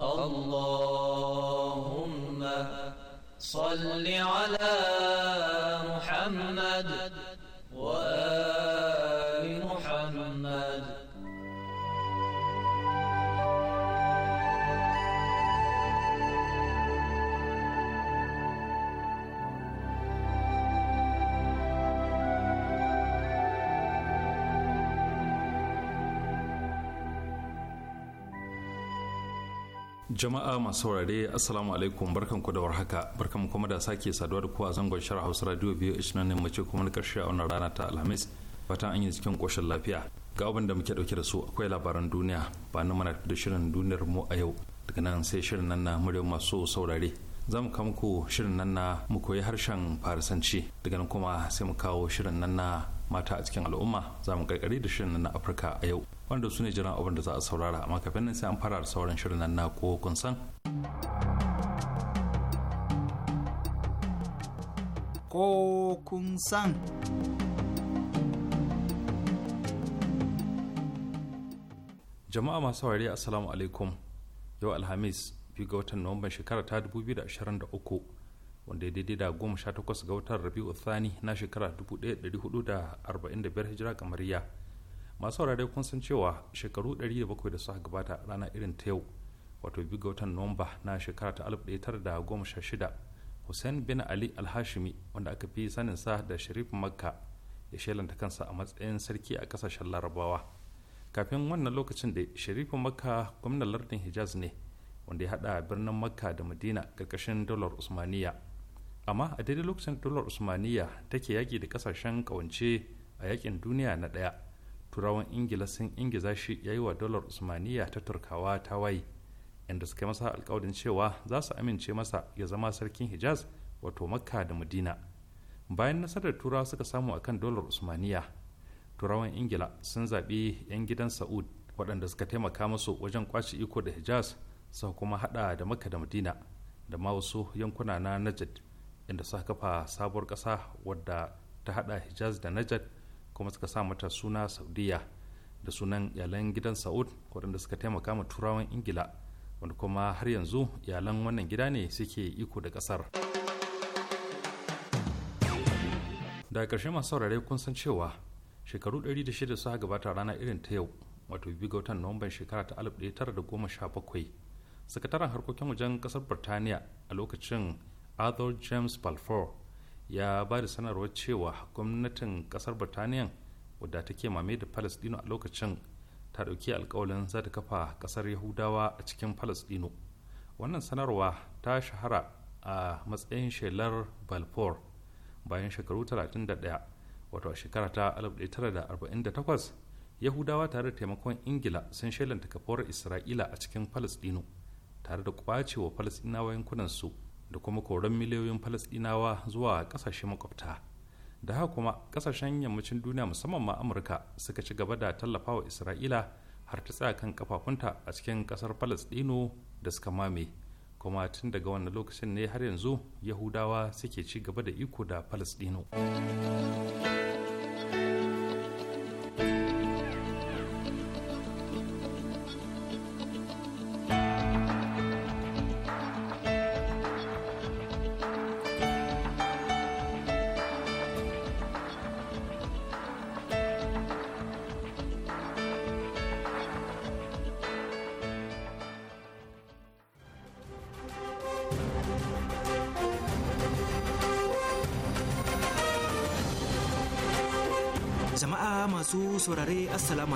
اللهم صل على محمد jama'a masu saurare assalamu alaikum barkan ku da warhaka barkan kuma da sake saduwa da kowa zangon shara hausa radio biyu ishirin ne mace kuma na karshe a wannan rana ta alhamis fatan an yi cikin koshin lafiya ga abin da muke dauke da su akwai labaran duniya ba na mana da shirin duniyar mu a yau daga nan sai shirin nan na muryar masu saurare za mu kawo shirin nan na mu koyi harshen farisanci daga nan kuma sai mu kawo shirin nan na mata a cikin al'umma za mu karkare da shirin na afirka a yau wanda su ne jiran abin da za a saurara amma kafin nan sai an fara da sauran shirin na ko kun san ko kun san jama'a masu saurari assalamu alaikum yau alhamis biyu ga watan nuwamban shekara ta 2023 wanda ya daidai da goma sha takwas ga watan rabi'u thani na shekara 1445 hijira kamariya masu wurare kun san cewa shekaru 107 da suka gabata rana irin ta yau wato biyu ga watan nuwamba na shekara ta da goma sha shida hussein bin ali alhashimi wanda aka fi sanin sa da sharif makka ya shelanta kansa a matsayin sarki a kasashen larabawa kafin wannan lokacin da sharifin makka gwamnan lardin hijaz ne wanda ya hada birnin makka da madina karkashin dalar usmaniya amma a daidai lokacin dolar usmaniya take yaƙi da kasashen ƙawance a yaƙin duniya na ɗaya turawan ingila sun ingiza shi ya yi wa dolar usmaniya ta turkawa ta waye inda suka masa alkawarin cewa za su amince masa ya zama sarkin hijaz wato makka da madina bayan nasarar turawa suka samu akan dolar usmaniya turawan ingila sun zaɓi 'yan gidan sa'ud waɗanda suka taimaka musu wajen kwace iko da hijaz suka kuma haɗa da makka da madina da ma wasu yankuna na najad inda suka kafa sabuwar ƙasa wadda ta hada hijaz da najad kuma suka sa mata suna saudiya da sunan iyalan gidan saud waɗanda suka taimaka ma turawan ingila wanda kuma har yanzu iyalan wannan gida ne suke iko da ƙasar da ƙarshe masu saurare kun san cewa shekaru 106 suka gabata rana irin ta yau wato biyu ga watan nuwamban shekara ta 1917 sakataren harkokin wajen ƙasar birtaniya a lokacin arthur james balfour ya ba da sanarwar cewa gwamnatin kasar birtaniya wadda take mame da palestino a lokacin ta ɗauki alkawalin za ta kafa kasar yahudawa a cikin palestino wannan sanarwa ta shahara a matsayin shelar balfour bayan shekaru 31 wato a shekara ta 1948 yahudawa tare da taimakon ingila sun shelanta kafuwar isra'ila a cikin palestino tare da kwacewa palestinawa su. da kuma koran miliyoyin falasdinawa zuwa kasashe makwabta da haka kuma kasashen yammacin duniya musamman ma amurka suka ci gaba da tallafawa isra'ila har ta tsaya kan kafafunta a cikin kasar falasdino da suka mame kuma tun daga wannan lokacin ne har yanzu yahudawa suke ci gaba da iko da falasdino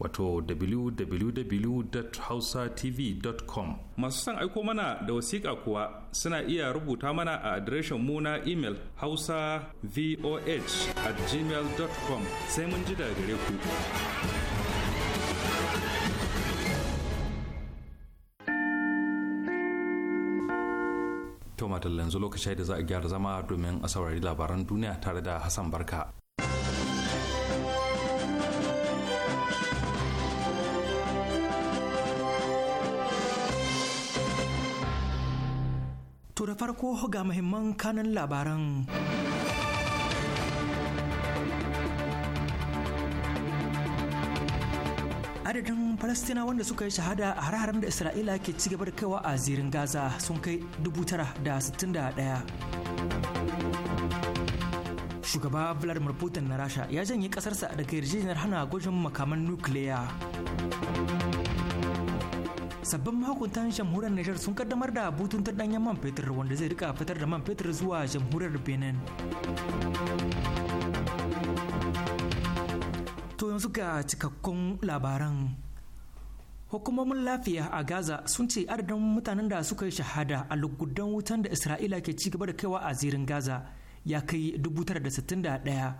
wato www.hausatv.com masu son aiko mana da wasiƙa kuwa suna iya rubuta mana a adireshin mu na imel hausa voh at gmail.com sai mun ji daga gare ku to matallan lokaci da za a gyara zama domin a saurari labaran duniya tare da hassan barka da farko ga muhimman kanan labaran. Adadin Falastina wanda suka yi shahada a hararen da Isra'ila ke ci da kaiwa a zirin Gaza sun kai 9,061. Shugaba Vladimir Putin na Rasha ya janye kasarsa daga yarjejeniyar hana gwajin makaman nukiliya. sabbin mahukuntan jamhuriyar Nijar sun kaddamar da butun ta danyen man fetur wanda zai rika fitar da man fetur zuwa jamhuriyar Benin. To yanzu ga cikakkun labaran. Hukumomin lafiya a Gaza sun ce adadin mutanen da suka yi shahada a lugudan wutan da Isra'ila ke ci gaba da kaiwa a zirin Gaza ya kai 961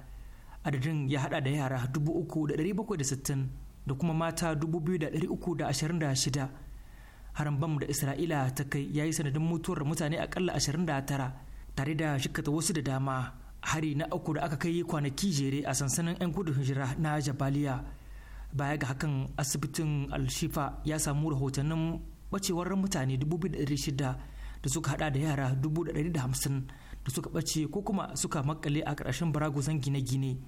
adadin ya hada da yara uku da kuma mata shida. harin bam da isra'ila ta kai ya yi sanadin mutuwar mutane akalla 29 tare da shikata wasu da dama hari na uku da aka kai kwanaki jere a sansanin 'yan gudun hijira na jabaliya baya ga hakan asibitin alshifa ya samu rahotannin bacewar mutane 2,600 da suka hada da yara 150 da suka bace ko kuma suka makale a ƙarshen baragozan gine-gine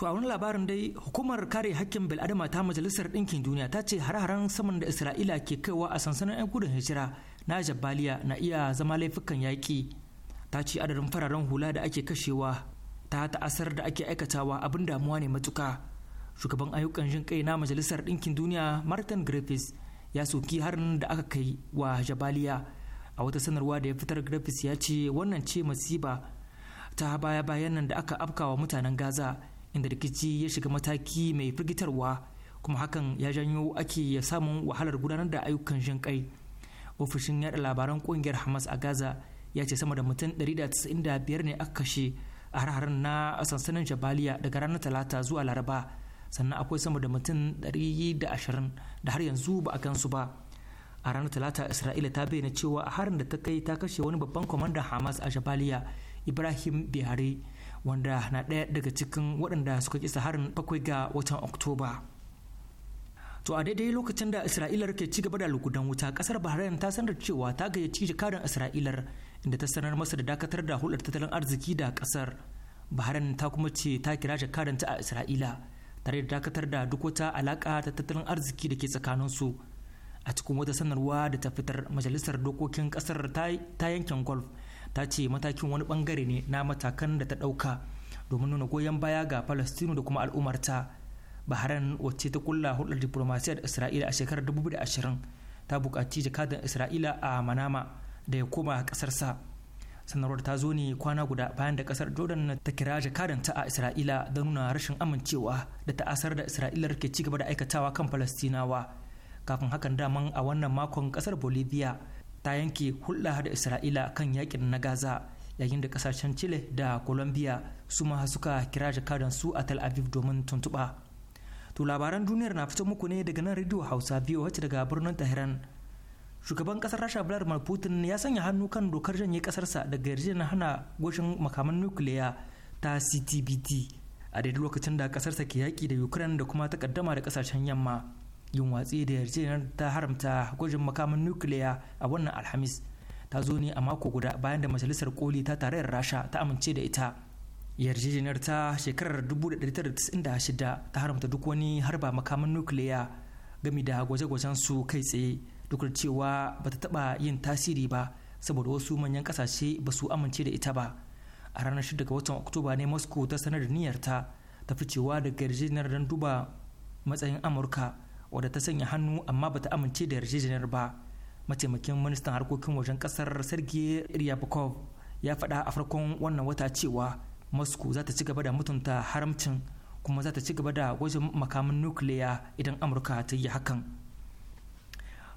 To a wani labarin dai hukumar kare hakkin bil'adama ta majalisar ɗinkin duniya ta ce har-haren saman da Isra'ila ke kaiwa a sansanin 'yan gudun hijira na Jabaliya na iya zama laifukan yaƙi. Ta ce adadin fararen hula da ake kashewa ta ta'asar da ake aikatawa abin damuwa ne matuka. Shugaban ayyukan jin kai na majalisar ɗinkin duniya Martin Griffiths ya soki harin da aka kai wa Jabaliya. A wata sanarwa da ya fitar Griffiths ya ce wannan ce masiba ta baya-bayan nan da aka afkawa mutanen Gaza. inda rikici ya shiga mataki mai firgitarwa kuma hakan ya janyo ake ya samun wahalar gudanar da ayyukan jin kai ofishin yada labaran kungiyar hamas a gaza ya ce sama da mutum 195 ne aka kashe a har na sansanin jabaliya daga ranar talata zuwa laraba sannan akwai sama da mutum 120 da har yanzu ba a kan su ba a ranar talata isra'ila ta bayyana cewa a harin da ta kai ta kashe wani babban kwamandan hamas a jabaliya ibrahim bihari wanda na ɗaya daga cikin waɗanda suka kisa harin bakwai ga watan oktoba to a daidai lokacin da isra'ilar ke ci gaba da lugudan wuta ƙasar bahrain ta sanar cewa ta gayyaci jakadan isra'ilar inda ta sanar masa da dakatar da hulɗar tattalin arziki da ƙasar bahrain ta kuma ce ta kira jakadan ta a isra'ila tare da dakatar da duk wata alaƙa ta tattalin arziki da ke tsakaninsu a cikin wata sanarwa da ta fitar majalisar dokokin ƙasar ta yankin golf ta ce matakin wani bangare ne na matakan da ta dauka domin nuna goyon baya ga palestino da kuma al'ummarta bahrain wacce ta kulla hulɗar diplomasiyar isra'ila a shekarar 2020 ta bukaci jakadar isra'ila a manama da ya koma ƙasarsa sanarwar ta zo ne kwana guda bayan da kasar jordan ta kira jakadanta a isra'ila don nuna rashin amincewa da ta'asar da isra'ila ke ci gaba da aikatawa kan palestinawa kafin hakan daman a wannan makon ƙasar bolivia ta yanke hulɗa da isra'ila kan yakin na gaza yayin da kasashen chile da colombia su ma suka kira jakadan su a tel aviv domin tuntuɓa to labaran duniyar na fito muku ne daga nan radio hausa biyu wacce daga birnin tahiran. shugaban kasar rasha vladimir putin ya sanya hannu kan dokar janye kasarsa daga yarjejeniyar hana goshin makaman nukiliya ta ctbt a daidai lokacin da kasarsa ke yaƙi da ukraine da kuma takaddama da kasashen yamma yin watsi da yarjejeniyar ta haramta gwajin makaman nukiliya a wannan alhamis ta zo ne a mako guda bayan da majalisar koli ta tarayyar rasha ta amince da ita yarjejeniyar ta shekarar 1996 ta haramta duk wani harba makaman nukiliya gami da gwaje-gwajen su kai tsaye duk da cewa ba ta taba yin tasiri ba saboda wasu manyan kasashe ba su amince da ita ba a ranar 6 ga watan oktoba ne moscow ta sanar da niyyarta ta cewa daga yarjejeniyar don duba matsayin amurka wadda ta sanya hannu amma bata amince da yarjejeniyar ba mataimakin ministan harkokin wajen kasar sergei ryabkov ya faɗa a farkon wannan wata cewa moscow za ta ci gaba da mutunta haramcin kuma za ta ci gaba da gwajin makamin nukiliya idan amurka ta yi hakan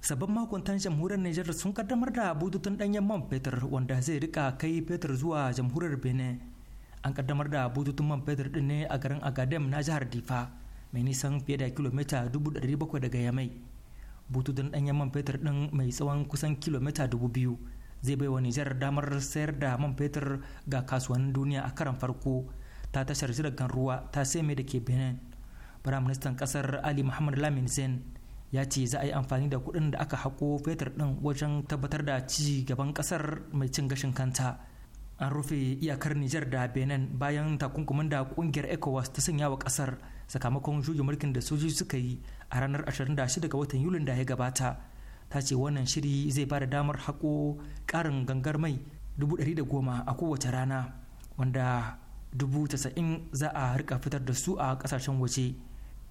sabbin makon tan jamhuriyar niger sun kaddamar da bututun danyen man fetur wanda zai rika kai fetur zuwa jamhuriyar benin an kaddamar da bututun man fetur din ne a garin agadem na jihar difa mai nisan fiye da kilomita 700 daga yamai butu bututun ɗanyen man fetur ɗin mai tsawon kusan kilomita 2000 zai baiwa nijar damar sayar da man fetur ga kasuwannin duniya a karan farko ta tashar jiragen ruwa ta mai da ke benin firaministan kasar ali muhammad lamin zain ya ce za a yi amfani da kuɗin da aka hako fetur ɗin wajen tabbatar da ci gaban kasar mai cin gashin kanta an rufe iyakar nijar da benin bayan takunkumin da ƙungiyar ecowas ta sanya wa kasar. sakamakon juyin mulkin da soji suka yi a ranar 26 ga watan yulin da ya gabata ta ce wannan shiri zai ba da damar haƙo ƙarin gangar mai 110 a kowace rana wanda 90,000 za a rika fitar da su a ƙasashen waje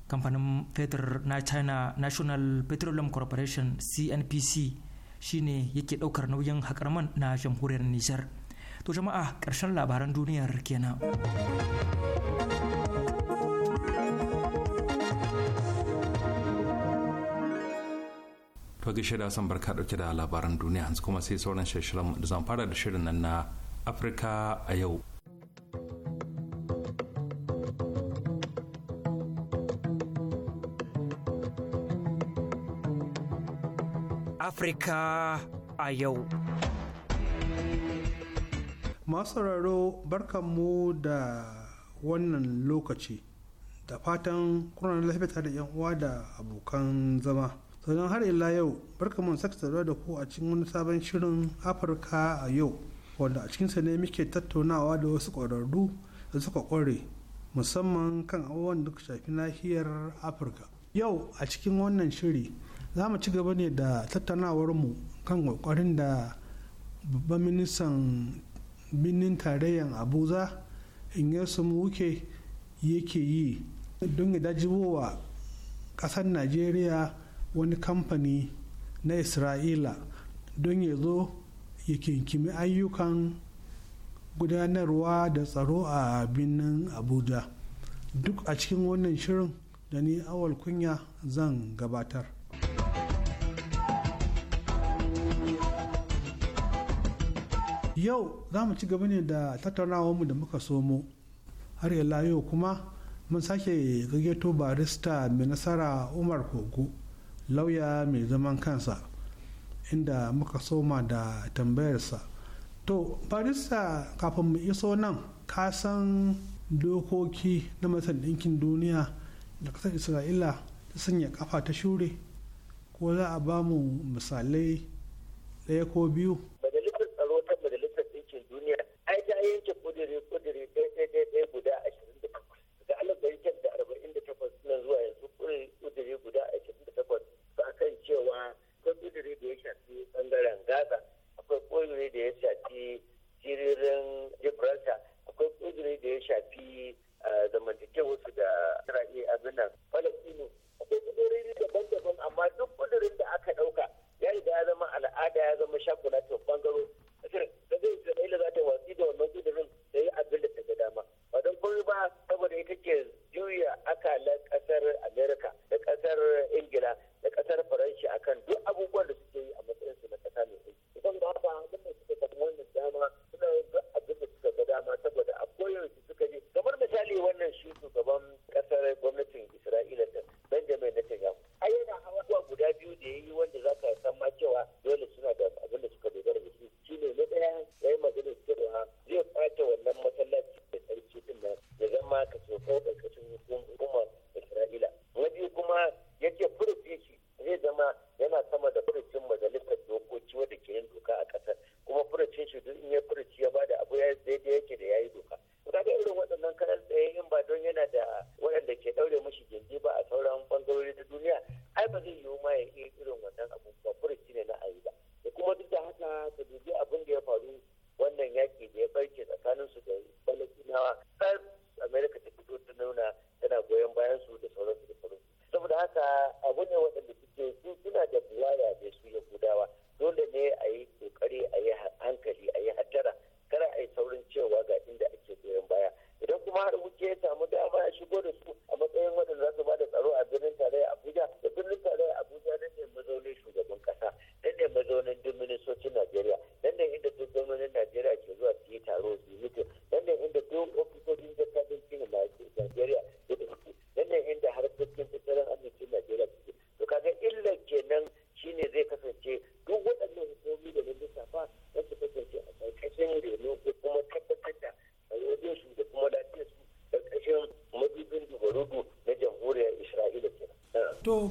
kamfanin fetur na china national petroleum corporation cnpc shine yake ɗaukar nauyin haƙar man na jamhuriyar nijar to jama'a ƙarshen labaran duniyar kenan to gaishe da san barka dauke da labaran duniya hanzu kuma sai sauran shirin da zan fara da shirin nan na afirka a yau Afirka a yau. Masu sauraro barkanmu da wannan lokaci da fatan kuna lafiya da 'yan uwa da abokan zama. sannan har ila yau barka mun saka saduwa da ku a cikin wani sabon shirin afirka a yau wanda a cikinsa ne muke tattaunawa da wasu ƙwararru da suka ƙware musamman kan abubuwan da shafi nahiyar afirka yau a cikin wannan shiri za mu ci gaba ne da tattaunawarmu kan ƙoƙarin da babban ministan birnin tarayyar in inyesu muke yake yi don ya dajibowa ƙasar najeriya wani kamfani na isra'ila don ya zo ya kinkimi ayyukan gudanarwa da tsaro a birnin abuja duk a cikin wannan shirin da ni awal kunya zan gabatar yau za mu ci gaba ne da tattaunawarmu da muka somo har yau kuma mun sake gayyato barista mai nasara umar kogo lauya mai zaman kansa inda muka soma da tambayarsa to barista kafin mu iso nan kasan dokoki na masan ɗinkin duniya da ƙasar isra'ila ta sanya kafa ta shure ko za a ba mu misalai ɗaya ko biyu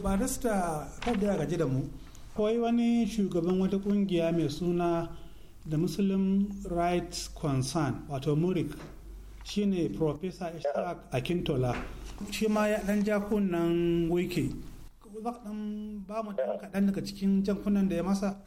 barista kada ya gaji da mu kawai wani shugaban wata kungiya mai suna da muslim rights concern wato murik ne professor ishaq akintola shi ma ya dan jakunan wiki za ka ba mu dan kaɗan daga cikin jankunan da ya masa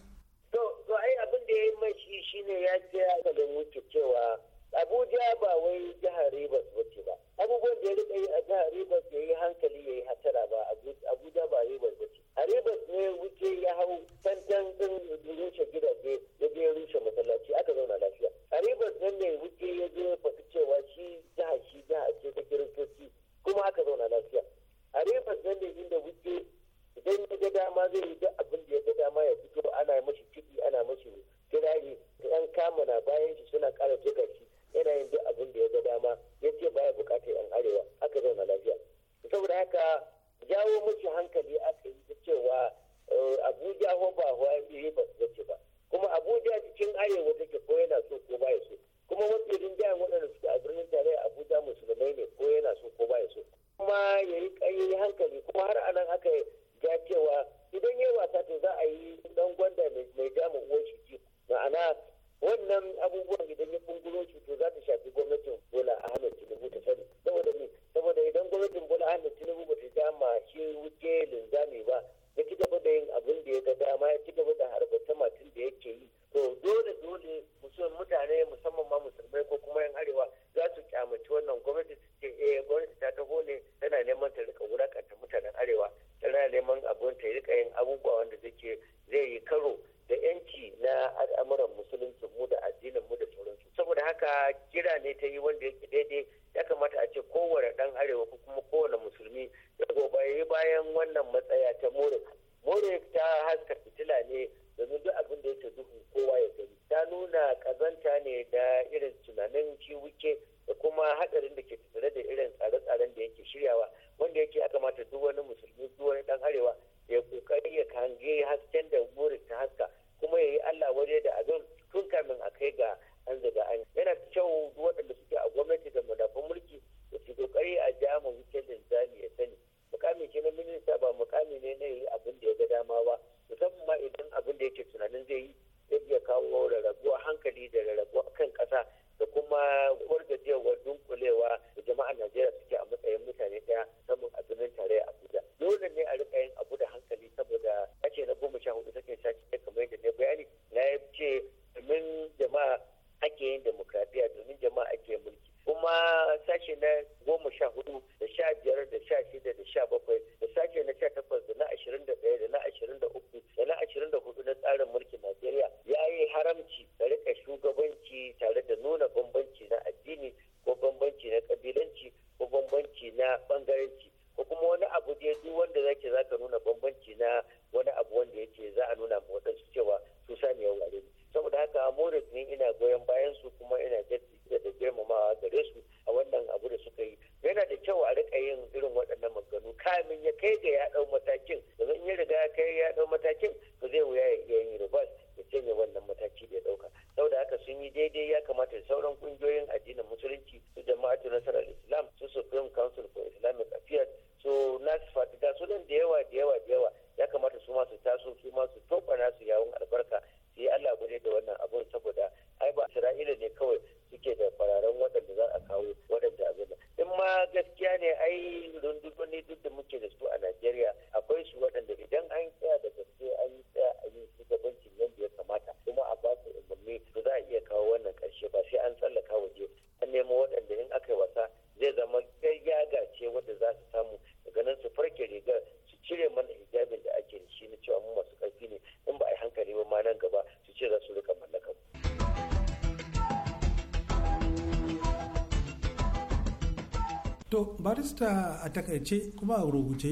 to barista a takaice kuma a rubuce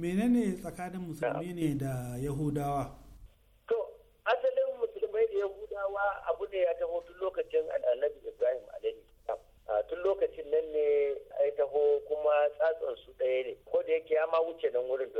menene tsakanin musulmi ne da yahudawa to asalin musulmai da yahudawa abu ne ya taho tun lokacin annabi ibrahim a tun lokacin nan ne ya taho kuma tsatsan su ɗaya ne ko da yake ya ma wuce nan wurin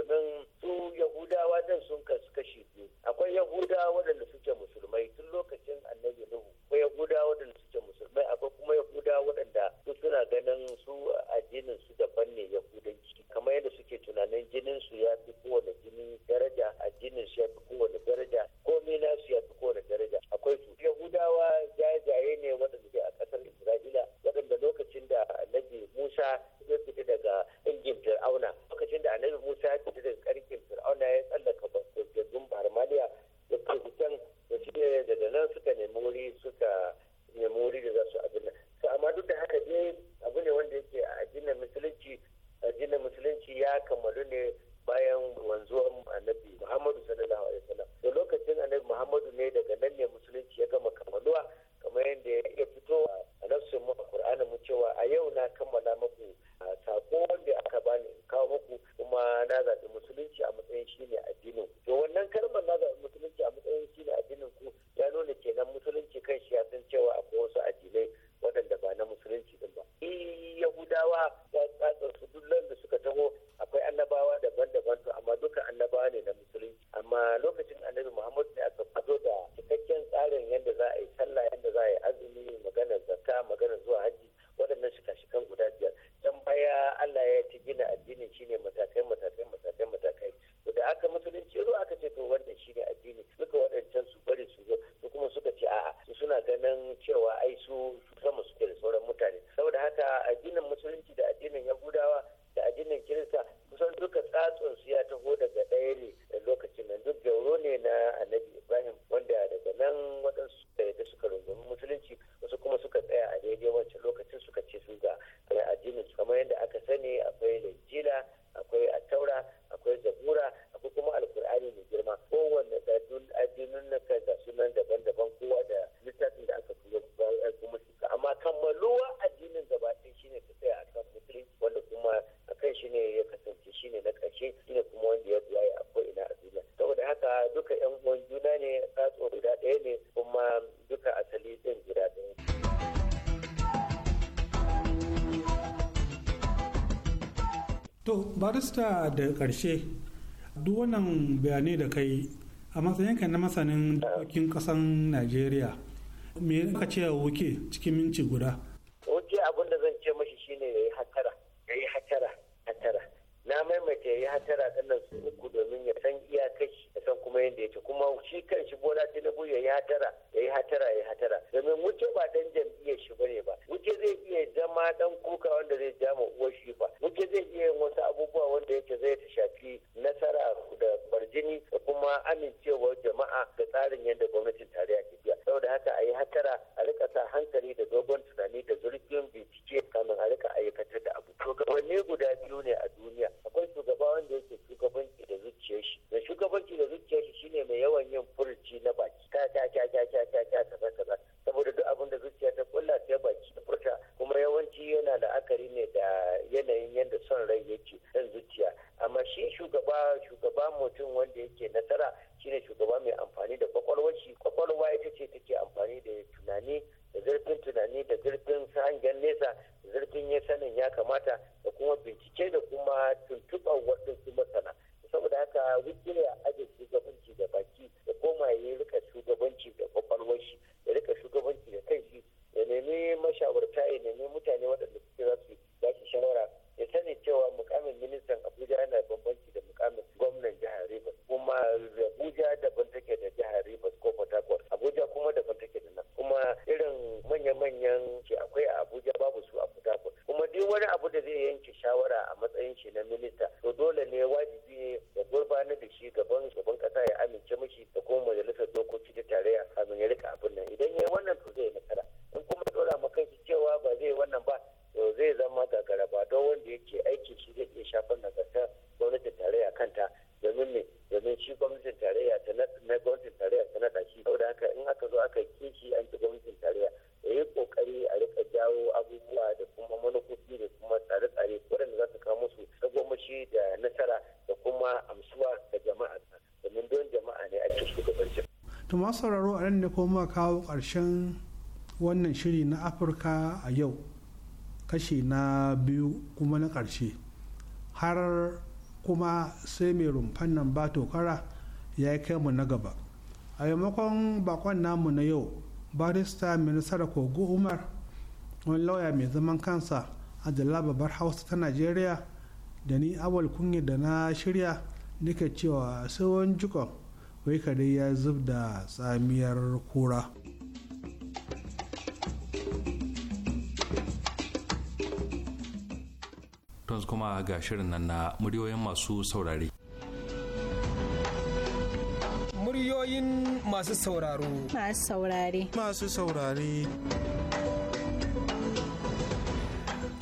zakka maganar zuwa hajji waɗannan shika kan guda biyar can baya Allah ya ci gina addini shine matakai matakai matakai matakai to da aka musulunci zo aka ce to wannan shine addini duka waɗancan su bari su zo su kuma suka ce a'a su suna ganin cewa ai su sama suke da sauran mutane saboda haka addinin musulunci da addinin yahudawa da addinin kirista kusan duka tsatsun su ya taho daga ɗaya ne da lokacin nan duk gauro ne na annabi ibrahim wanda daga nan waɗansu da suka rungumi musulunci wasu kuma suka tsaya a daidai wancan lokacin suka ce su ga addinin kamar yadda aka sani akwai lajila akwai taura akwai zabura akwai kuma alkur'ani mai girma kowanne da addinin na kai ga sunan daban-daban kowa da littafin da aka kuma suka amma kammaluwa addinin gaba ɗaya shine ta tsaya akan musulunci wanda kuma akan shi ne ya kasance shine na ƙarshe shine kuma wanda ya zuwa a ko ina a duniya saboda haka duka yan uwan juna ne tsatso guda ɗaya ne kuma duka asali ɗin guda ɗaya. to barista da karshe duk wannan bayanai da kai a matsayinka na masanin dokokin ƙasan najeriya me ka ce wuke cikin minci guda wuke abin da zan ce mashi shine ya yi hatara ya yi hatara hatara na maimaita ya yi hatara ɗannan su uku domin ya san iya iyakashi san kuma yadda yake kuma shi kan shi bola tinubu ya yi hatara ya yi hatara ya yi hatara domin wuce ba dan jam'iyyar shi bane ba wuce zai iya zama dan kuka wanda zai ja ma uwar shi ba wuce zai iya yin wasu abubuwa wanda yake zai ta shafi nasara da barjini da kuma amincewa jama'a da tsarin yadda gwamnatin tarayya ke biya saboda haka a yi hatara a rika sa hankali da dogon tunani da zurfin bincike kamin a rika ayyukatar da abu shugabanni guda biyu ne a duniya akwai shugaba wanda yake shugabanci da zuciya masu sauraro a nan ne kuma kawo ƙarshen wannan shiri na afirka a yau kashi na biyu kuma na ƙarshe har kuma sai mai rumfan nan ba tokara ya yi kai mu na gaba a yamakon bakon namu na yau barista mai kogo umar wani lauya mai zaman kansa a jala babbar hausa ta najeriya da ni awal kunya da na shirya nake cewa sai wani jikon wai kare ya zub da tsamiyar kura yanzu kuma ga shirin nan na muryoyin masu saurare muryoyin masu sauraro masu saurare masu saurare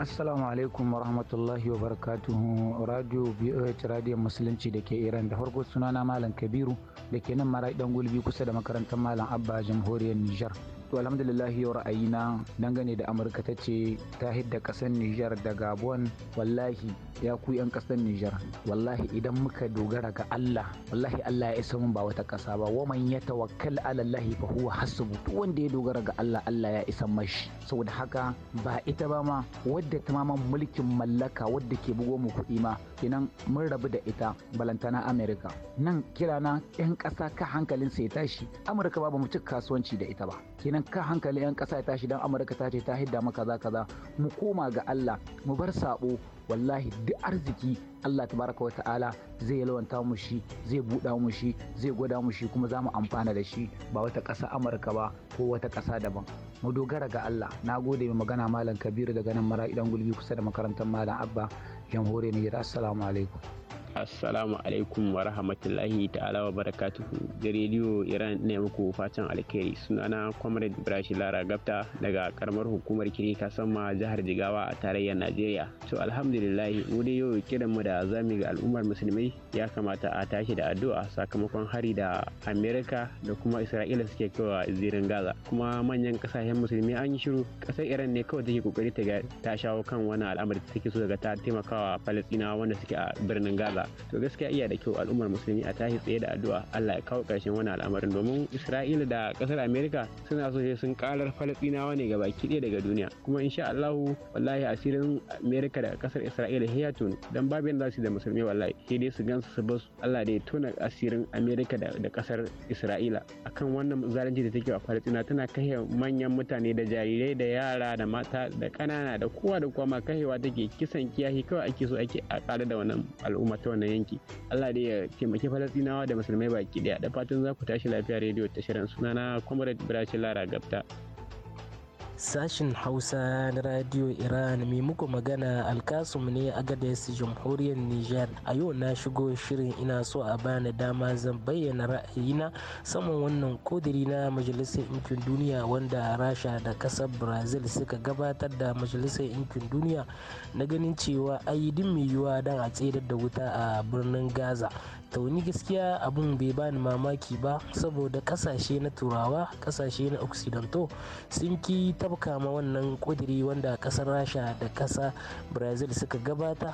Assalamu alaikum wa rahmatullahi wa barakatuhu Radio BOH Radio Musulunci da ke Iran da farko sunana Malam Kabiru da ke nan mara ɗan gulbi kusa da makarantar Malam Abba Jamhuriyar Nijar. to alhamdulillah yau ra'ayina dangane da amurka ta ce ta hidda kasar nijar da gabon wallahi ya ku yan kasar nijar wallahi idan muka dogara ga allah wallahi allah ya isa mun ba wata kasa ba waman ya tawakkal allah fa huwa hasbu duk wanda ya dogara ga allah allah ya isa mashi saboda haka ba ita ba ma wadda ta maman mulkin mallaka wadda ke bugo mu kuɗi ma kenan mun rabu da ita balantana amerika nan kirana yan ƙasa ka hankalin sai tashi amurka ba mu ci kasuwanci da ita ba kinan. ka hankali yan kasa ya tashi don amurka ta ce ta hidda maka kaza kaza mu koma ga allah mu bar sabo wallahi duk arziki Allah tabaraka wata'ala zai lawanta mu shi zai buɗa mu shi zai gwada mu shi kuma za mu amfana da shi ba wata ƙasa Amurka ba ko wata ƙasa daban mu dogara ga Allah na gode mai magana malam Kabiru daga nan mara idan gulbi kusa da makarantar malam Abba jamhuriyar Nijar assalamu alaikum assalamu alaikum wa rahmatullahi ta'ala wa barakatuhu da rediyo iran ne muku fatan alkhairi sunana comrade ibrahim lara gafta daga karamar hukumar kirika sama jihar jigawa a tarayyar najeriya to alhamdulillah mu dai yau kiran mu da zami ga al'ummar musulmai ya kamata a tashi da addu'a sakamakon hari da amerika da kuma isra'ila suke kaiwa zirin gaza kuma manyan kasashen musulmi an yi shiru kasar iran ne kawai take kokari ta shawo kan wani al'amari da take so daga ta taimakawa falastinawa wanda suke a birnin gaza ba to gaskiya iya da kyau al'ummar musulmi a tashi tsaye da addu'a Allah ya kawo ƙarshen wannan al'amarin domin Isra'ila da kasar Amerika suna so sai sun karar Falastinawa ne gaba ɗaya daga duniya kuma insha Allah wallahi asirin Amerika da ƙasar Isra'ila ya tuni dan babu za su da musulmi wallahi sai dai su gansu su basu Allah da ya tona asirin Amerika da kasar Isra'ila akan wannan zalunci da take a Falastina tana kashe manyan mutane da jarirai da yara da mata da ƙanana da kowa da kowa ma kashewa take kisan kiyahi kawai ake so ake a da wannan al'umma ta wannan yanki Allah dai ya taimaki falastinawa da musulmai baki daya da fatan za ku tashi lafiya rediyo ta shirin sunana comrade brashi lara gabta sashin hausa na radio iran mai muku magana alkasum ne a agadez jamhuriyar niger a yau na shigo shirin ina so a bani dama zan bayyana ra'ayina saman wannan kudiri na majalisar inkin duniya wanda rasha da ƙasar brazil suka gabatar da majalisar inkin duniya na ganin cewa ayi din mai yiwuwa don a tsedar da wuta a birnin gaza to ni gaskiya abin bai bani mamaki ba saboda kasashe na turawa kasashe na occidental sun ki tabka ma wannan kudiri wanda kasar rasha da kasa brazil suka gabata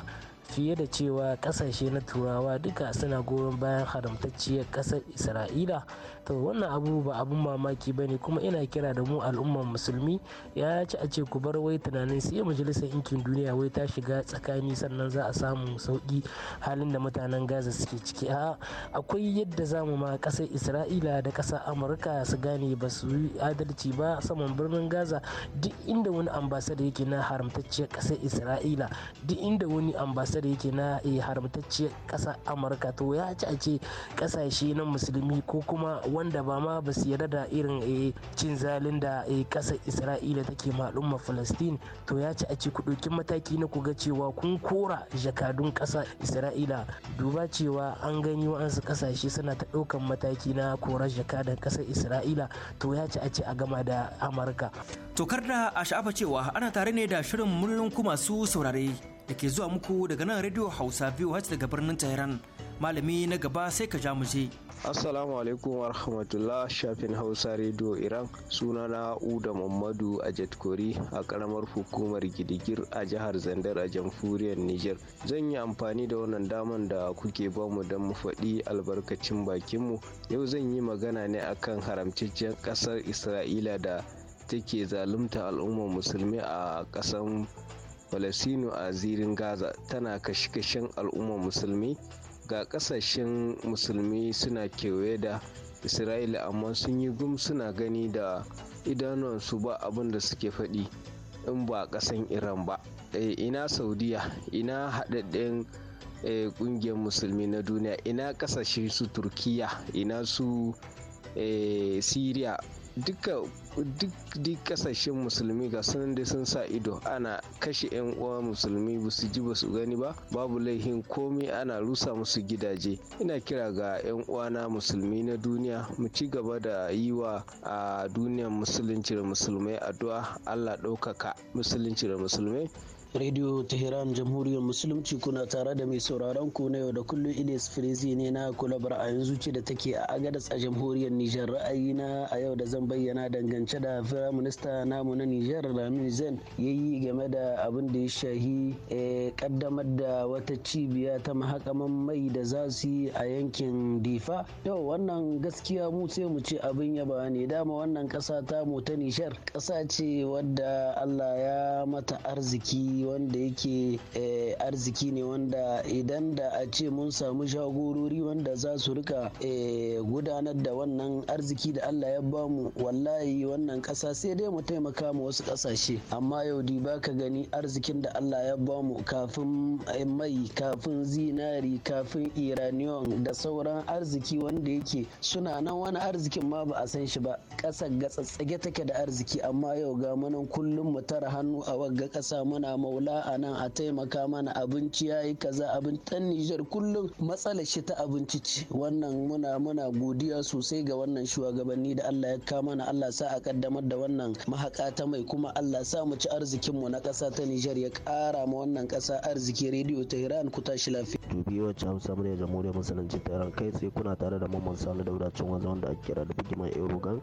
fiye da cewa kasashe na turawa duka suna goyon bayan haramtacciyar kasar isra'ila to wannan abu ba abun mamaki ba ne kuma ina kira da mu al'ummar musulmi ya ci a ce ku bar wai tunanin sai majalisar ɗinkin duniya wai ta shiga tsakani sannan za a samu sauki halin da mutanen gaza suke ciki a akwai yadda za mu ma kasar isra'ila da kasar amurka su gane ba su yi adalci ba saman birnin gaza duk inda wani ambasada yake na haramtacciyar kasar isra'ila duk inda wani ambasada kusa da yake na eh, haramtacciyar ƙasar amurka to ya ci a ce ƙasashe na musulmi ko kuma wanda ba ma ba su yarda da irin eh, cin zalin da eh, ƙasar isra'ila take ma falastin to ya ci a ce ku ɗauki mataki na ku ga cewa kun kora jakadun ƙasar isra'ila duba cewa an gani wa'ansu kasashe suna ta ɗaukan mataki na korar jakadun ƙasar isra'ila to ya ci a ce a gama da amurka tokar da a sha'afa cewa ana tare ne da shirin murnin masu saurare da ke zuwa muku daga nan Radio Hausa biyu hajji daga birnin Tehran. malami na gaba sai ka ja mu Assalamu alaikum wa shafin Hausa Radio Iran sunana Uda Muhammadu a jetkori a karamar hukumar Gidigir a jihar Zandar a jamhuriyar Niger. Zan yi amfani da wannan daman da kuke bamu don mu faɗi albarkacin bakinmu. Yau zan yi magana ne akan haramtaccen kasar Isra'ila da take zalunta al'ummar musulmi a ƙasan falasino a zirin gaza tana kashe-kashen al'ummar musulmi ga kasashen musulmi suna kewaye da isra'ila amma sun yi gum suna gani da idanuwansu ba abin da suke faɗi in ba ƙasan iran ba eh, ina saudiya ina haɗaɗɗen eh, ƙungiyar musulmi na duniya ina ƙasashe su turkiya ina su eh, siriya duka duk kasashen musulmi ga sunan da sun sa ido ana kashe 'yan uwa musulmi ba su ji ba su gani ba babu laihin komai ana rusa musu gidaje ina kira ga 'yan uwana musulmi na duniya mu ci gaba da yi wa a duniyar musulunci da musulmai addu'a allah ɗaukaka musulunci da musulmai Radio Tehran Jamhuriyar Musulunci kuna tare da mai sauraron ku na yau da kullum Ines Firizi ne na kula a yanzu ce da take a Agadas a Jamhuriyar Nijar ra'ayi na a yau da zan bayyana dangance da Firayim Minista namu na Nijar Ramin Zen yayi game da abin da ya shahi eh, kaddamar da wata cibiya ta mahakaman mai da za su yi a yankin Difa. Yau wannan gaskiya mu sai mu ce abin yaba ne dama wannan kasa ta mu ta Nijar ƙasa ce wadda Allah ya mata arziki wanda yake eh, arziki ne wanda idan da a ce mun samu shagorori wanda za su rika eh, gudanar da wannan arziki da Allah ya bamu wallahi wannan ƙasa sai dai mu taimaka mu wasu kasashe amma yau di baka gani arzikin da Allah ya bamu kafin eh, mai kafin zinari kafin iraniyon da sauran arziki wanda yake suna nan wani arzikin ma ba a san shi ba ƙasar gatsatsage take da arziki amma yau ga munan kullum mu tara hannu a wagga kasa muna maula a nan a taimaka mana abinci ya yi kaza abin ɗan Nijar kullum matsalar shi ta abinci ce wannan muna muna godiya sosai ga wannan shugabanni da Allah ya kama na Allah sa a kaddamar da wannan mahaka ta mai kuma Allah sa mu ci arzikin mu na ƙasa ta Nijar ya ƙara ma wannan ƙasa arziki rediyo ta Iran ku tashi lafiya. To biyo wacce Hausa murya jamhuriyar masanancin ta Iran kai tsaye kuna tare da Mamman Sani Dauda cin wanzu wanda ake kira da bigiman Erogan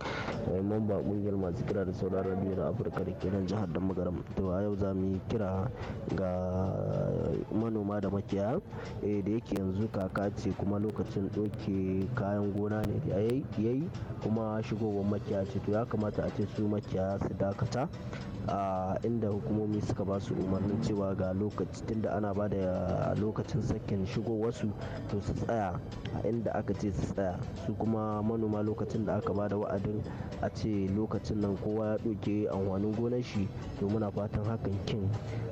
mamba kungiyar masu kira da sauran na Afirka da ke nan jihar Damagaram. To a yau za mu yi kira ga manoma da makiyaya eh, da yake yanzu kaka ce kuma lokacin doke kayan gona ne da yayi kuma shigowar makiyaya ce to ya kamata a ce su makiyaya su dakata a inda hukumomi suka ba su umarnin cewa ga lokaci tunda ana ba da lokacin sakin shigowarsu to su tsaya a inda aka ce su tsaya su kuma manoma lokacin da aka ba da wa'adin a ce lokacin nan kowa ya ɗauke amfanin gonar shi to muna fatan hakan kin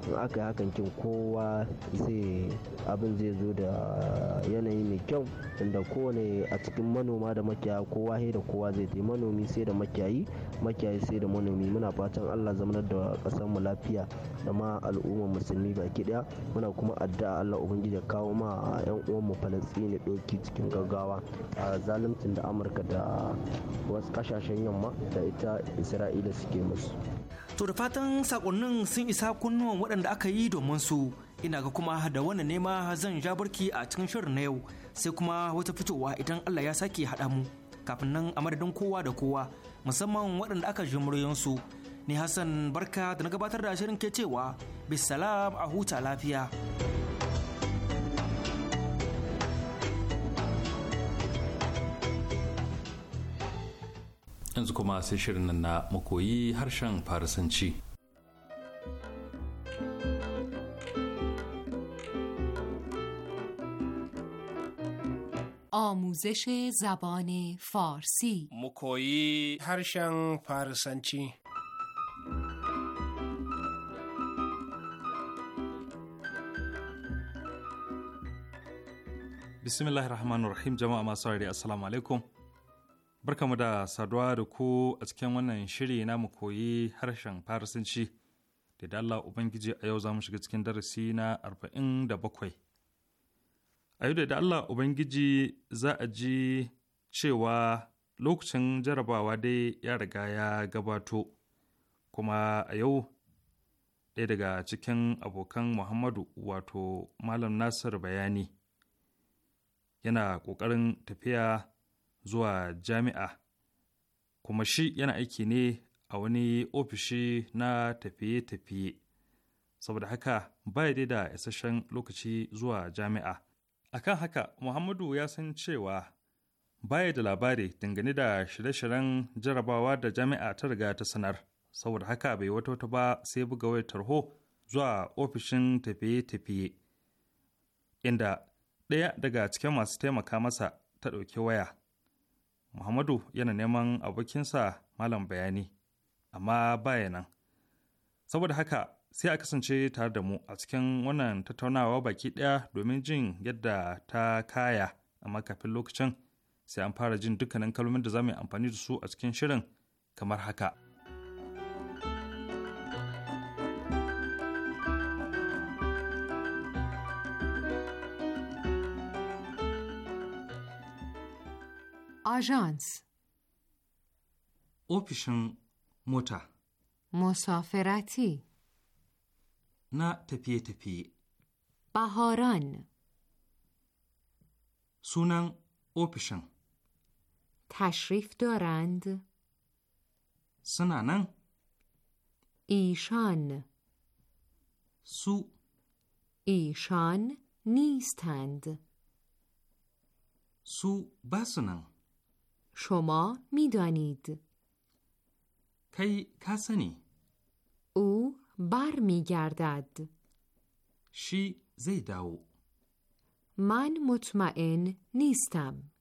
in aka yi hakan kin kowa zai abin zai zo da yanayi mai kyau inda kowane a cikin manoma da makiyaya kowa da kowa zai tai manomi sai da makiyayi makiyayi sai da manomi muna fatan allah zamanar da kasan mu lafiya da ma al'ummar musulmi baki daya muna kuma addu'a allah ubangiji ya kawo ma yan uwan mu falastini doki cikin gaggawa a zaluncin da amurka da wasu kasashen yamma da ita isra'ila suke musu To da fatan sakonnin sun isa kunnuwan waɗanda aka yi domin su ina ga kuma da wani nema zan ja barki a cikin shirin na yau sai kuma wata fitowa idan Allah ya sake haɗa mu kafin nan a madadin kowa da kowa musamman waɗanda aka ji muryansu ni Hassan barka da na gabatar da shirin ke cewa bisalam a huta lafiya. yanzu kuma sai shirin nan na makoyi harshen آموزش زبان فارسی مکوی هرشن پارسنچی بسم الله الرحمن الرحیم جماعه ما سایری السلام علیکم Barka mu da saduwa da ku a cikin wannan shiri na mu koyi harshen Farisanci. Da Allah Ubangiji a yau za mu shiga cikin darasi na arba'in da bakwai. A yau da Allah Ubangiji za a ji cewa lokacin jarabawa dai ya riga ya gabato, kuma a yau ɗaya daga cikin abokan Muhammadu wato Malam Nasir Bayani yana ƙoƙarin tafiya zuwa jami'a kuma shi yana aiki ne a wani ofishi na tafiye-tafiye saboda haka ba dai da isasshen lokaci zuwa jami'a akan haka muhammadu ya san cewa baya da labari dangane da shirye-shiryen jarabawa da jami'a ta riga ta sanar saboda haka bai wata wata ba sai buga wayar tarho zuwa ofishin tafiye-tafiye inda ɗaya daga cikin masu taimaka masa ta ɗauki waya muhammadu yana neman abokinsa malam bayani amma baya nan saboda haka sai a kasance tare da mu a cikin wannan tattaunawa baki ɗaya domin jin yadda ta kaya amma kafin lokacin sai an fara jin dukkanin kalmomin da za mu yi amfani da su a cikin shirin kamar haka. آژانس اوپیشن موتا مسافرتی نه تپی، تپیه بهاران سونن اوپیشن تشریف دارند سنانن ایشان سو ایشان نیستند سو بسنن شما میدانید کی کسنی او بر می گردد شی او. من مطمئن نیستم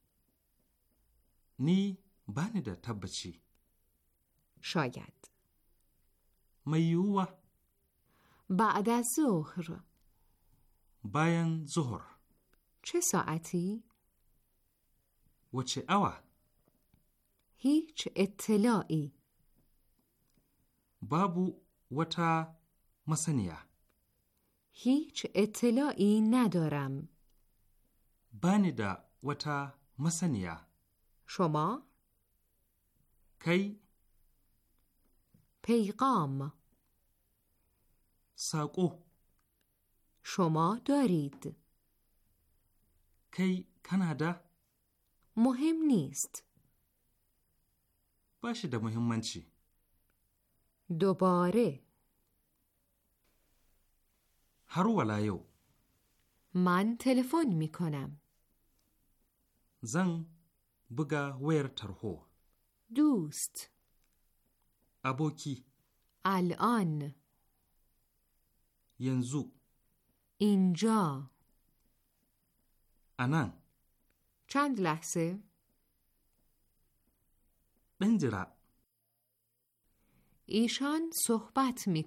نی بانی ت تبچی شاید میوه بعد از ظهر باین ظهر چه ساعتی؟ و چه اوه؟ هیچ اطلاعی بابو وتا مسنیا هیچ اطلاعی ندارم باندا وتا مسنیا شما کی پیغام ساقو شما دارید کی کانادا مهم نیست ده مهم مهمانچی چی؟ دوباره هر ولایو. من تلفن میکنم. زن بگا ویر ترهو دوست ابوکی الان ینزو اینجا انا چند لحظه بندرا ایشان صحبت می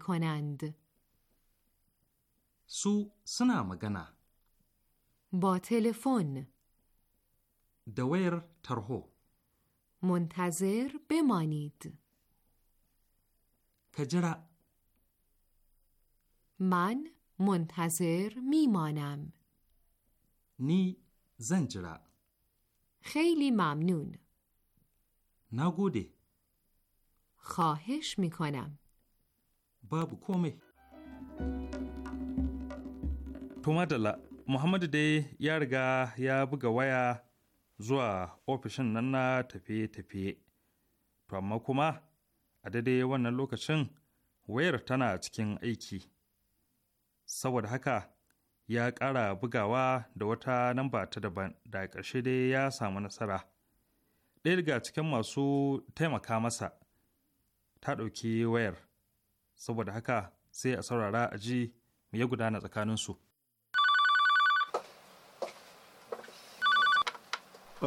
سو سنا مگنا با تلفن دویر ترهو منتظر بمانید کجرا من منتظر میمانم نی زنجرا خیلی ممنون نگوده خواهش میکنم باب کومه تو مدلا محمد دی یا riga ya buga waya zuwa ofishin nan na tafiye-tafiye to amma kuma a daidai wannan lokacin wayar tana cikin aiki saboda haka ya ƙara bugawa da wata namba ta daban da ƙarshe dai ya samu nasara ɗaya daga cikin masu taimaka masa ta ɗauki wayar saboda haka sai a saurara a ji me ya gudana tsakaninsu.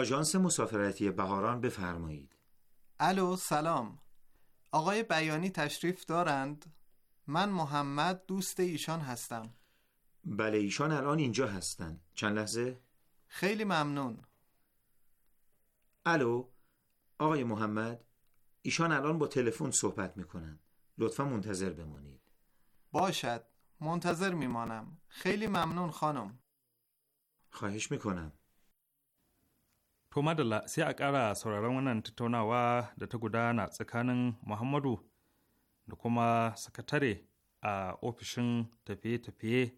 آژانس مسافرتی بهاران بفرمایید. الو سلام. آقای بیانی تشریف دارند؟ من محمد دوست ایشان هستم. بله ایشان الان اینجا هستند. چند لحظه؟ خیلی ممنون. الو آقای محمد ایشان الان با تلفن صحبت میکنند لطفا منتظر بمانید باشد منتظر میمانم خیلی ممنون خانم خواهش میکنم تو مدلا سی اکارا سراران ونان تتونا و ده تگودانا سکانن محمدو ده کما a آفشن تفیه تفیه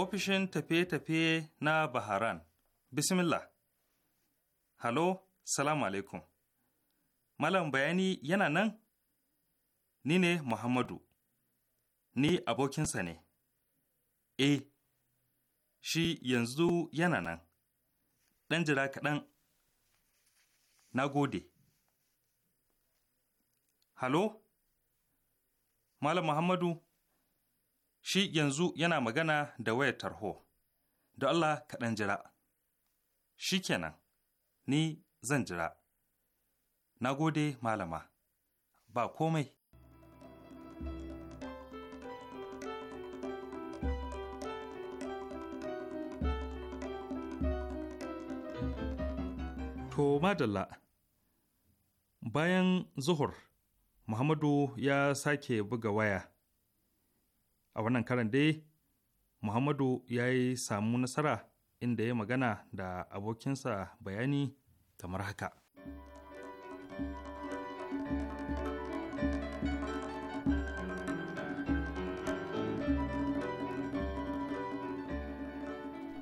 ofishin tafe-tafe na Baharan. Bismillah. Halo, salamu alaikum. Malam bayani yana nan? Ni ne Muhammadu. Ni abokinsa ne. E, shi yanzu yana nan. Ɗan jira kaɗan. Na gode. Halo? Malam Muhammadu? shi yanzu yana magana da wayar tarho. Da Allah kaɗan jira. Shi kenan, ni zan jira. Na gode malama, ba komai. To madalla, bayan zuhur, Muhammadu ya sake buga waya a wannan karan dai muhammadu ya yi samu nasara inda ya magana da abokinsa bayani kamar haka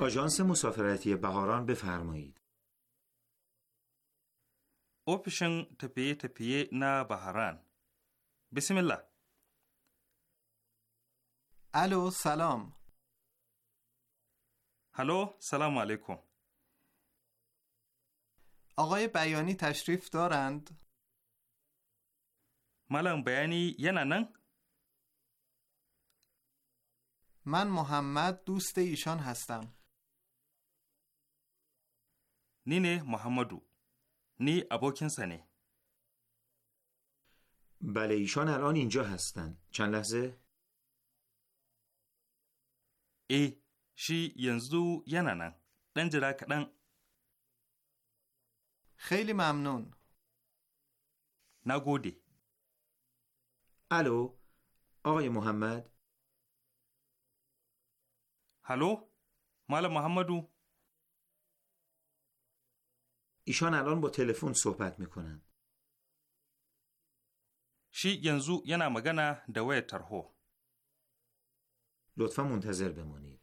آژانس مسافرتی بهاران بفرمایید. اوپشن تپیه تپیه نه بهاران. بسم الله. الو سلام هلو سلام علیکم آقای بیانی تشریف دارند؟ ملم بیانی یه ننن؟ من محمد دوست ایشان هستم نینه محمدو نی ابوکن سنه بله ایشان الان اینجا هستند چند لحظه؟ E, shi yanzu yana nan, ɗan jira kaɗan. Haili Mamnun. Na gode. Alo, ƙoye Muhammad. Halo, Malam Muhammadu. Ishan alon ba telefon sohbat mikonan. Shi yanzu yana magana da waya tarho. لطفا منتظر بمانید.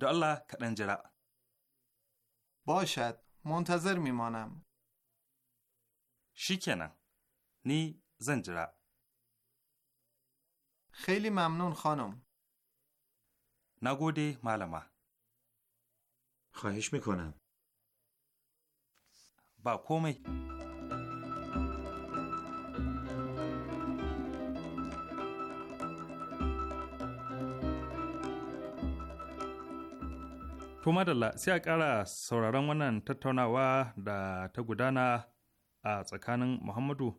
دا الله باشد. منتظر میمانم. شیکنه. نی زنجرا. خیلی ممنون خانم. نگودی مالما خواهش میکنم. با کومی. To madalla sai a ƙara sauraron wannan tattaunawa da ta gudana a tsakanin Muhammadu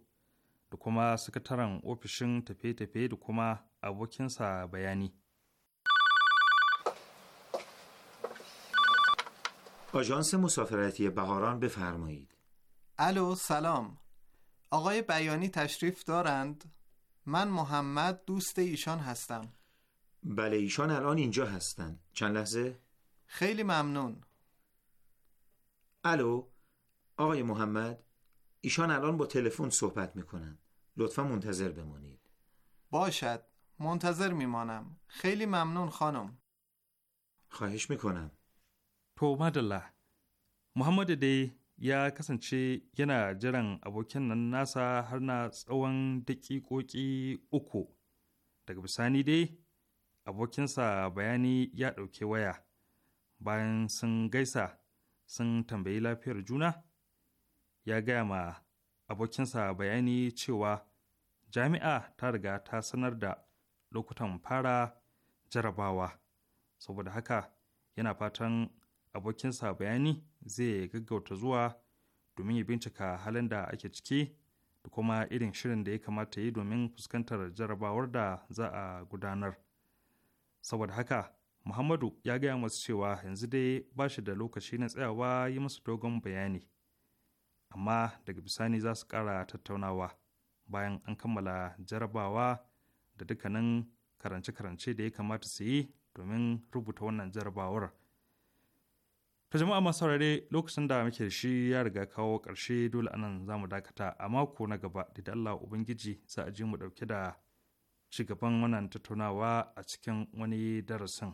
da kuma sakataren ofishin tafe-tafe da kuma abokinsa bayani. آژانس مسافرتی بهاران بفرمایید. الو سلام. آقای بیانی تشریف دارند؟ من محمد دوست ایشان هستم. بله ایشان الان اینجا هستند. چند لحظه؟ خیلی ممنون الو آقای محمد ایشان الان با تلفن صحبت میکنن لطفا منتظر بمانید باشد منتظر میمانم خیلی ممنون خانم خواهش میکنم الله محمد دی یه kasance yana jiran abokin nan nasa har na tsawon اوکو uku daga دی dai سا بیانی ya اوکی waya bayan sun gaisa sun tambayi lafiyar juna ya gaya ma abokinsa bayani cewa jami'a ta riga ta sanar da lokutan fara jarabawa saboda haka yana fatan abokinsa bayani zai gaggauta zuwa domin ya bincika halin da ake ciki da kuma irin shirin da ya kamata yi domin fuskantar jarabawar da za a gudanar saboda haka muhammadu ya gaya masu cewa yanzu dai ba shi da lokaci na tsayawa yi masu dogon bayani amma daga bisani za su kara tattaunawa bayan an kammala jarabawa da dukkanin karance-karance da ya kamata su yi domin rubuta wannan jarabawar ta jama'a masu saurare lokacin da muke shi ya riga kawo ƙarshe dole anan za mu dakata a mako na gaba da Allah Ubangiji za a ji mu ɗauke da ci gaban wannan tattaunawa a cikin wani darasin.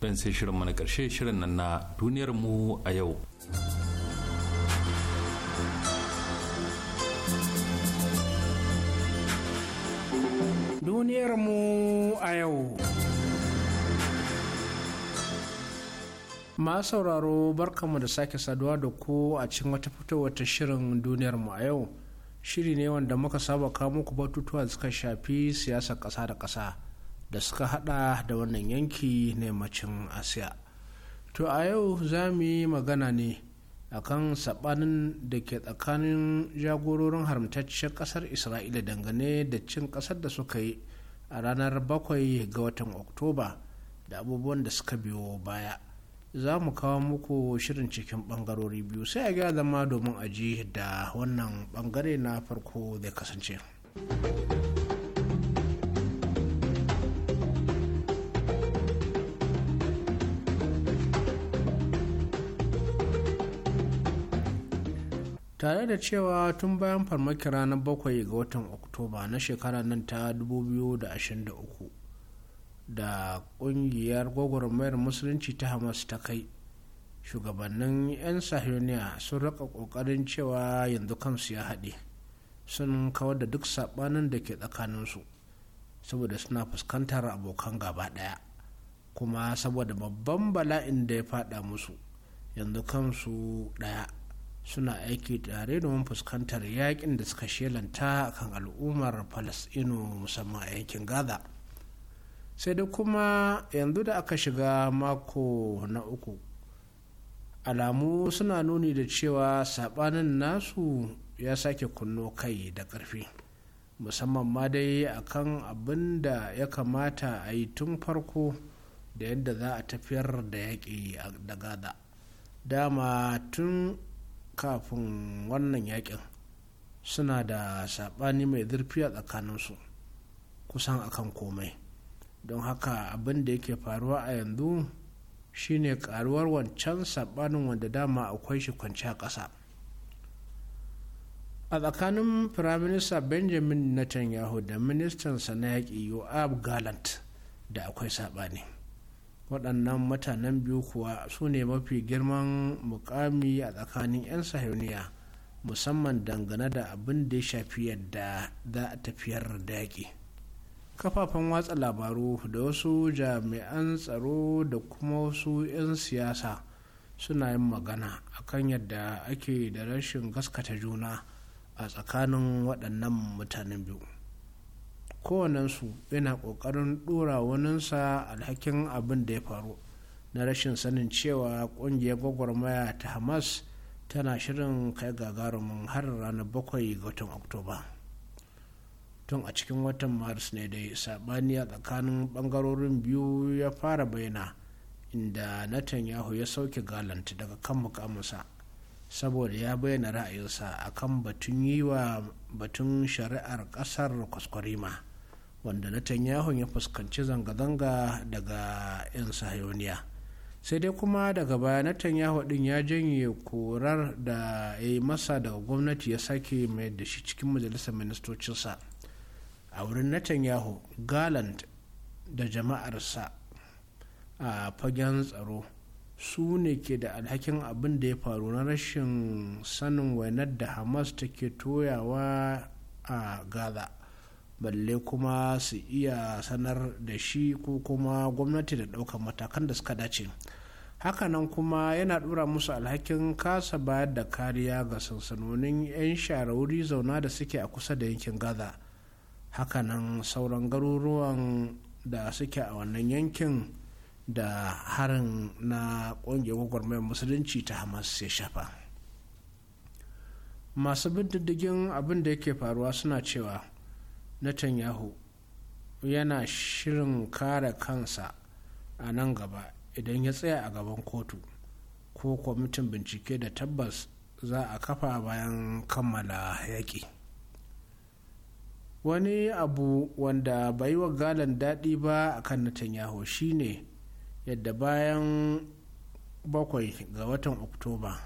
ban sai shirin mana karshe shirin nan na duniyar mu a yau. mu a yau. Masu sauraro barkanmu da sake saduwa da ku a cikin wata fito ta shirin mu a yau. Shiri ne wanda muka saba kawo muku batutuwa suka shafi siyasar ƙasa da ƙasa da suka hada da wannan yanki na yammacin Asiya. To a yau za mu yi magana ne akan saɓanin da ke tsakanin jagororin haramtacciyar ƙasar Isra'ila dangane da cin ƙasar da suka yi. a ranar 7 ga watan oktoba da abubuwan da suka biyo baya za mu kawo muku shirin cikin bangarori biyu sai a gaya zama domin aji da wannan bangare na farko zai kasance. tare da cewa tun bayan farmaki ranar bakwai ga watan oktoba na shekarar nan ta 2023 da kungiyar gwagwarmayar musulunci ta hamas ta kai shugabannin 'yan sahiyoniya sun raka kokarin cewa yanzu kansu ya haɗe sun kawar da duk saɓanin da ke tsakaninsu saboda suna fuskantar abokan gaba ɗaya kuma saboda babban bala'in da ya faɗa musu yanzu kansu ɗaya suna aiki tare domin fuskantar yakin da suka shelanta kan al'ummar falasɗinu musamman a yankin gaza sai da kuma yanzu da aka shiga mako na uku alamu suna nuni da cewa sabanin nasu ya sake kunno kai da ƙarfi musamman ma dai akan abin da ya kamata a yi tun farko da yadda za a tafiyar da yaƙi da gaza dama tun kafin wannan yakin suna da saɓani mai zurfi a tsakaninsu kusan akan komai don haka abin da yake faruwa a yanzu shine karuwar wancan saɓanin wanda dama akwai shi kwanci a ƙasa a tsakanin firaminista benjamin netanyahu da ministansa na yaƙi yoab gallant da akwai saɓani waɗannan mutanen biyu kuwa su ne mafi girman mukami a tsakanin 'yan sahauniya musamman dangane da abin da ya shafi yadda za a tafiyar yaƙi kafafen watsa labaru da wasu jami'an tsaro da kuma wasu 'yan siyasa suna yin magana a kan yadda ake da rashin gaskata juna a tsakanin waɗannan mutanen biyu kowanensu yana ƙoƙarin ɗora waninsa alhakin abin da ya faru na rashin sanin cewa ƙungiyar gwagwarmaya ta hamas tana shirin kai gagarumin har ranar bakwai ga watan oktoba tun a cikin watan maris ne dai saɓani a tsakanin ɓangarorin biyu ya fara bayyana inda netanyahu ya sauke galant daga kan mukaminsa saboda ya bayyana ra'ayinsa akan batun yi wa batun shari'ar ƙasar kwaskwarima. wanda netanyahu ya fuskanci zanga-zanga daga 'yan sahayoniya sai dai kuma daga baya netanyahu din ya janye korar da ya yi masa daga gwamnati ya sake mai da shi cikin majalisar ministocinsa a wurin netanyahu galant da jama'arsa a fagen tsaro su ne ke da alhakin abin da ya faru na rashin sanin wainar da hamas take toyawa a gaza balle kuma su iya sanar da shi ko kuma gwamnati da ɗaukar matakan da suka dace hakanan kuma yana ɗura musu alhakin kasa bayar da kariya ga sansanonin 'yan shara zauna da suke a kusa da yankin gaza hakanan sauran garuruwan da suke a wannan yankin da harin na ƙungiyar gwagwarmayar musulunci ta hamas ya shafa masu bin diddigin abin da yake faruwa suna cewa netanyahu yana shirin kare kansa a nan gaba idan ya tsaya a gaban kotu ko kwamitin bincike da tabbas za a kafa bayan kammala yaƙi wani abu wanda bai wa galan daɗi ba a kan netanyahu shine yadda bayan bakwai ga watan oktoba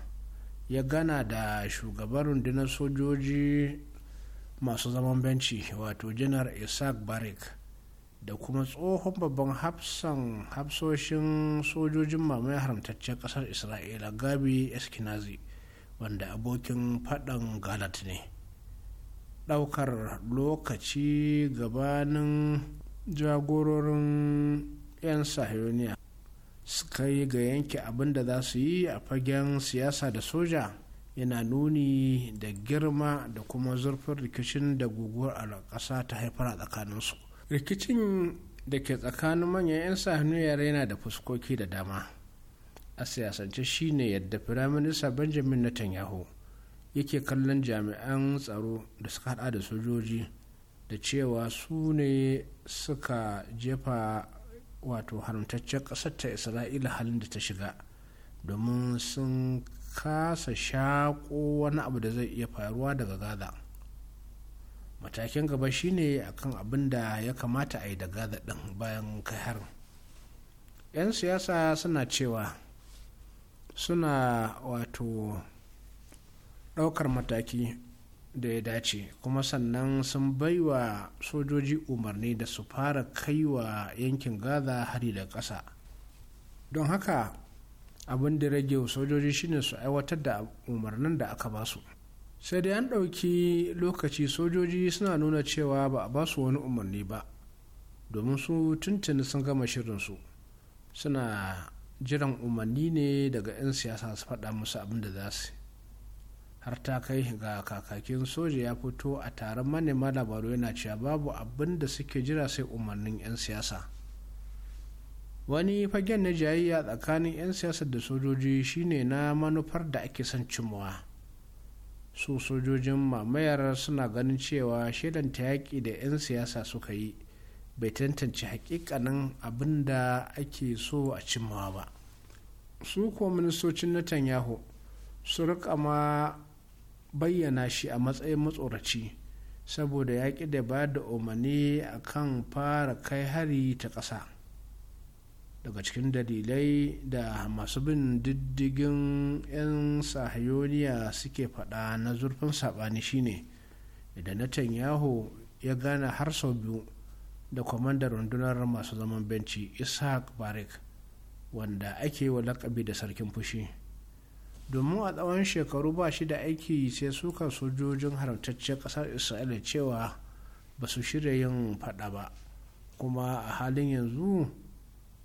ya gana da shugaban rundunar sojoji masu zaman benci wato janar isaac barik da kuma tsohon babban hafsan hafsoshin sojojin mamaye haramtaccen kasar isra'ila gabi eskinazi wanda abokin faɗan galat ne ɗaukar lokaci gabanin jagororin 'yan sahiyoniya suka yi ga yanke abin da za su yi a fagen siyasa da soja yana nuni da girma da kuma zurfin rikicin da guguwar ƙasa ta haifar a tsakaninsu rikicin da ke tsakanin manyan 'yan sahaniyar yana da fuskoki da dama a siyasance shine yadda firaminista benjamin netanyahu yake kallon jami'an tsaro da suka hada da sojoji da cewa su ne suka jefa wato haramtaccen ƙasar ta isra'ila halin da ta shiga domin sun kasa shaƙo wani abu da zai iya faruwa daga gaza matakin gaba shine akan abin da ya kamata a yi da gaza ɗin bayan kai harin 'yan siyasa suna cewa suna wato ɗaukar mataki da ya dace kuma sannan sun baiwa sojoji umarni da su fara kaiwa yankin gaza hari da ƙasa don haka abin da rage sojoji shine su aiwatar da umarnin da aka ba su sai dai an ɗauki lokaci sojoji suna nuna cewa ba a ba su wani umarni ba domin su tuntuni sun gama shirinsu suna jiran umarni ne daga 'yan siyasa su faɗa musu abin da za su har ta kai ga kakakin soja ya fito a taron manema labaru yana cewa babu abin da suke jira sai umarnin 'yan siyasa wani fagen na jayayya tsakanin 'yan siyasar da sojoji shine na manufar da ake son cimmawa su sojojin mamayar suna ganin cewa shaidan ta yaƙi da 'yan siyasa suka yi bai tantance hakikanin abin da ake so a cimmawa ba su kuwa ministocin netanyahu su rika ma bayyana shi a matsayin matsoraci saboda yaƙi da ba da umarni a kan fara kai hari ta ƙasa daga cikin dalilai da masu bin diddigin 'yan sahayoniya suke faɗa na zurfin saɓani shine idan netanyahu ya gane har sau biyu da kwamandar rundunar masu zaman benci ishaq barik wanda ake wa lakabi da sarkin fushi domin a tsawon shekaru ba shi da aiki sai suka sojojin haramtacciyar ƙasar isra'ila cewa ba su shirya yin faɗa ba kuma a halin yanzu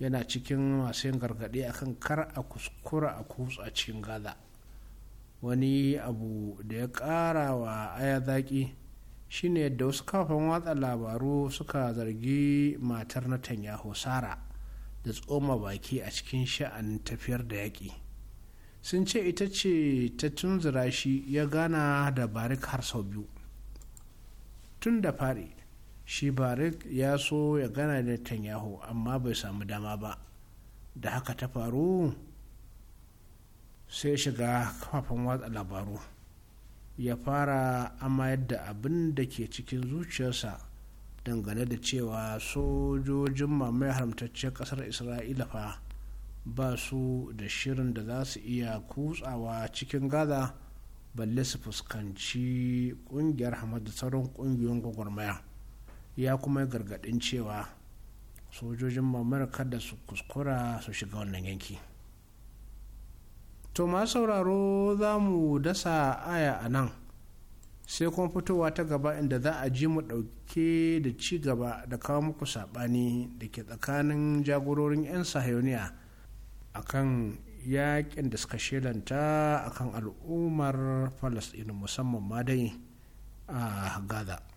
yana cikin masu yin gargaɗi akan kar a kuskura a kutsa cikin gaza wani abu da ya ƙara wa aya zaƙi shine yadda wasu kafin watsa labaru suka zargi matar na tanyaho Sara da tsoma baki a cikin sha'an tafiyar da yaƙi. Sun ce ita ce ta tunzura shi ya gana da barik har sau biyu. Tun da fari, shi barik ya so ya gana da tanyahu amma bai samu dama ba da haka ta faru sai shiga kafafen watsa labaru ya fara amayar da abin da ke cikin zuciyarsa dangane da cewa sojojin mamaye haramtacciyar kasar isra'ila fa ba su da shirin da za su iya kutsawa cikin gaza balle su fuskanci kungiyar hamas da sauran kungiyoyin gwagwarmaya ya kuma gargaɗin cewa sojojin mamar kada su kuskura su shiga wannan yanki to ma sauraro za mu dasa aya a nan sai kuma fitowa ta gaba inda za a ji mu ɗauke da ci gaba da kawo muku saɓani da ke tsakanin jagororin 'yan sahayoniya kan yaƙin da suka shelanta kan al'ummar falasɗinu musamman ma dai a gaza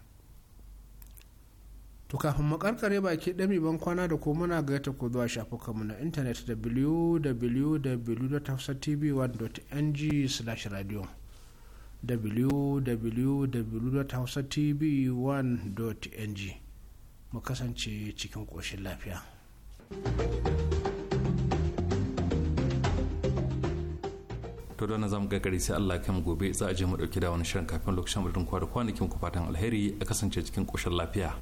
To kafin mu karkare baki dami ban kwana da ko muna gaita ko zuwa shafukanmu na intanet www.hausatv1.ng/radio www.hausatv1.ng mu kasance cikin koshin lafiya. to da zamu gari sai Allah kan gobe za a je mu dauki da wani shirin kafin lokacin mutum kwa da kwanakin ku fatan alheri a kasance cikin koshin lafiya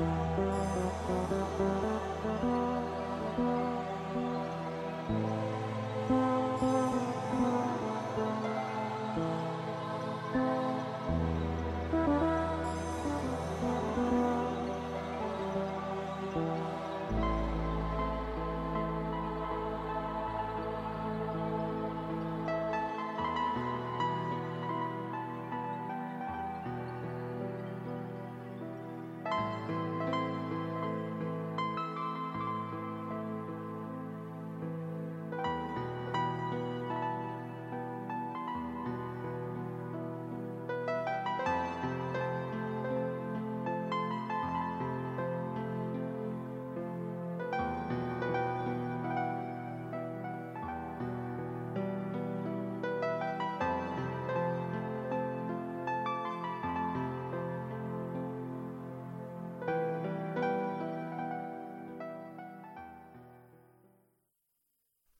Música